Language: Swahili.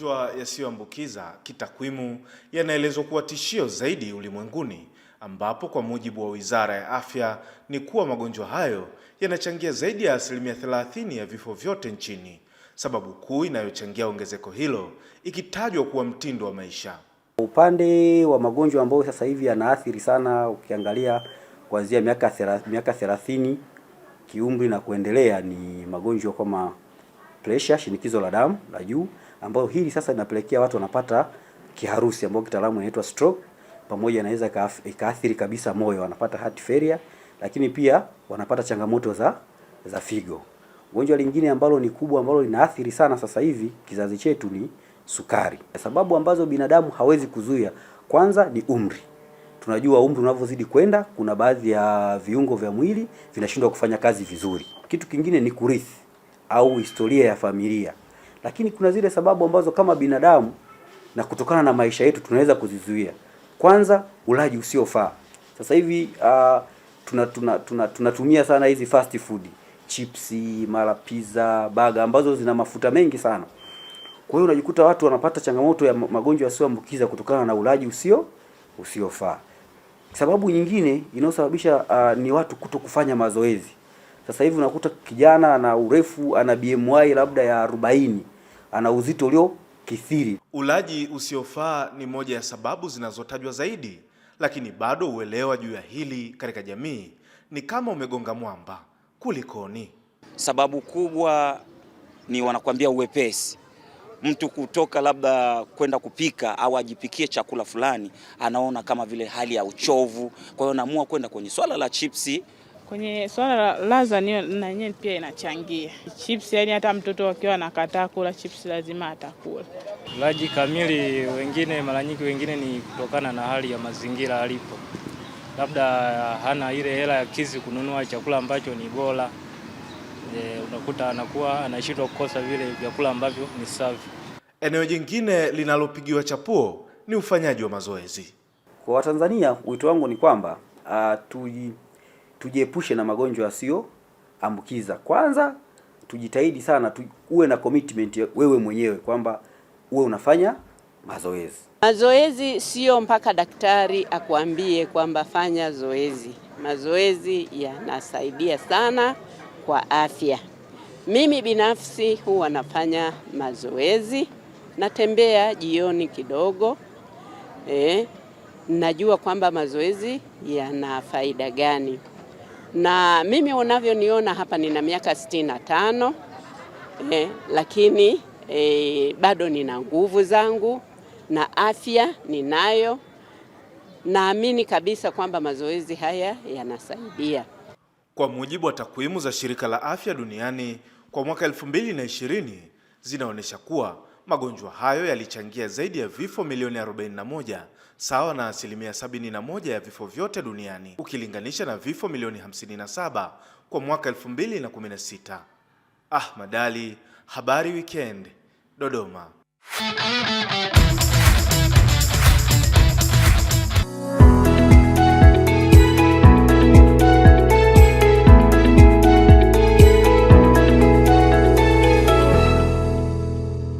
magonjwa yasiyoambukiza kitakwimu yanaelezwa kuwa tishio zaidi ulimwenguni, ambapo kwa mujibu wa Wizara ya Afya ni kuwa magonjwa hayo yanachangia zaidi ya asilimia 30 ya vifo vyote nchini, sababu kuu inayochangia ongezeko hilo ikitajwa kuwa mtindo wa maisha. Upande wa magonjwa ambayo sasa hivi yanaathiri sana, ukiangalia kuanzia miaka 30 kiumri na kuendelea, ni magonjwa kama pressure, shinikizo la damu la juu, ambayo hili sasa linapelekea watu wanapata kiharusi ambayo kitaalamu inaitwa stroke, pamoja inaweza ikaathiri kabisa moyo, wanapata heart failure, lakini pia wanapata changamoto za za figo. Gonjwa lingine ambalo ni kubwa ambalo linaathiri sana sasa hivi kizazi chetu ni sukari. Sababu ambazo binadamu hawezi kuzuia, kwanza ni umri. Tunajua umri unavyozidi kwenda, kuna baadhi ya viungo vya mwili vinashindwa kufanya kazi vizuri. Kitu kingine ni kurithi au historia ya familia, lakini kuna zile sababu ambazo kama binadamu na kutokana na maisha yetu tunaweza kuzizuia. Kwanza, ulaji usiofaa. Sasa hivi uh, tuna, tuna, tuna, sana hizi fast food chipsi, mara pizza, baga ambazo zina mafuta mengi sana. Kwa hiyo unajikuta watu wanapata changamoto ya magonjwa yasiyoambukiza kutokana na ulaji usio usiofaa. Sababu nyingine inayosababisha uh, ni watu kuto kufanya mazoezi. Sasa hivi unakuta kijana ana urefu ana BMI labda ya 40, ana uzito ulio kithiri. Ulaji usiofaa ni moja ya sababu zinazotajwa zaidi, lakini bado uelewa juu ya hili katika jamii ni kama umegonga mwamba. Kulikoni? Sababu kubwa ni wanakuambia uwepesi mtu kutoka labda kwenda kupika au ajipikie chakula fulani, anaona kama vile hali ya uchovu. Kwa hiyo anaamua kwenda kwenye swala la chipsi Kwenye swala la ladha na yenyewe pia inachangia chips, yani hata mtoto akiwa anakataa kula chips lazima atakula. Ulaji kamili, wengine mara nyingi, wengine ni kutokana na hali ya mazingira alipo, labda hana ile hela ya kizi kununua chakula ambacho ni bora. E, unakuta anakuwa anashindwa kukosa vile vyakula ambavyo ni safi. Eneo jingine linalopigiwa chapuo ni ufanyaji wa mazoezi kwa Watanzania. Wito wangu ni kwamba uh, tuji tujiepushe na magonjwa yasiyoambukiza. Kwanza tujitahidi sana tu, uwe na commitment wewe mwenyewe kwamba uwe unafanya mazoezi. Mazoezi sio mpaka daktari akuambie kwamba fanya zoezi. Mazoezi yanasaidia sana kwa afya. Mimi binafsi huwa nafanya mazoezi, natembea jioni kidogo eh, najua kwamba mazoezi yana faida gani na mimi unavyoniona hapa nina miaka sitini na tano eh, lakini eh, bado nina nguvu zangu na afya ninayo. Naamini kabisa kwamba mazoezi haya yanasaidia. Kwa mujibu wa takwimu za shirika la afya duniani kwa mwaka 2020 zinaonyesha kuwa Magonjwa hayo yalichangia zaidi ya vifo milioni 41 sawa na asilimia 71 ya vifo vyote duniani ukilinganisha na vifo milioni 57 kwa mwaka 2016. Ahmad ali Habari Weekend, Dodoma.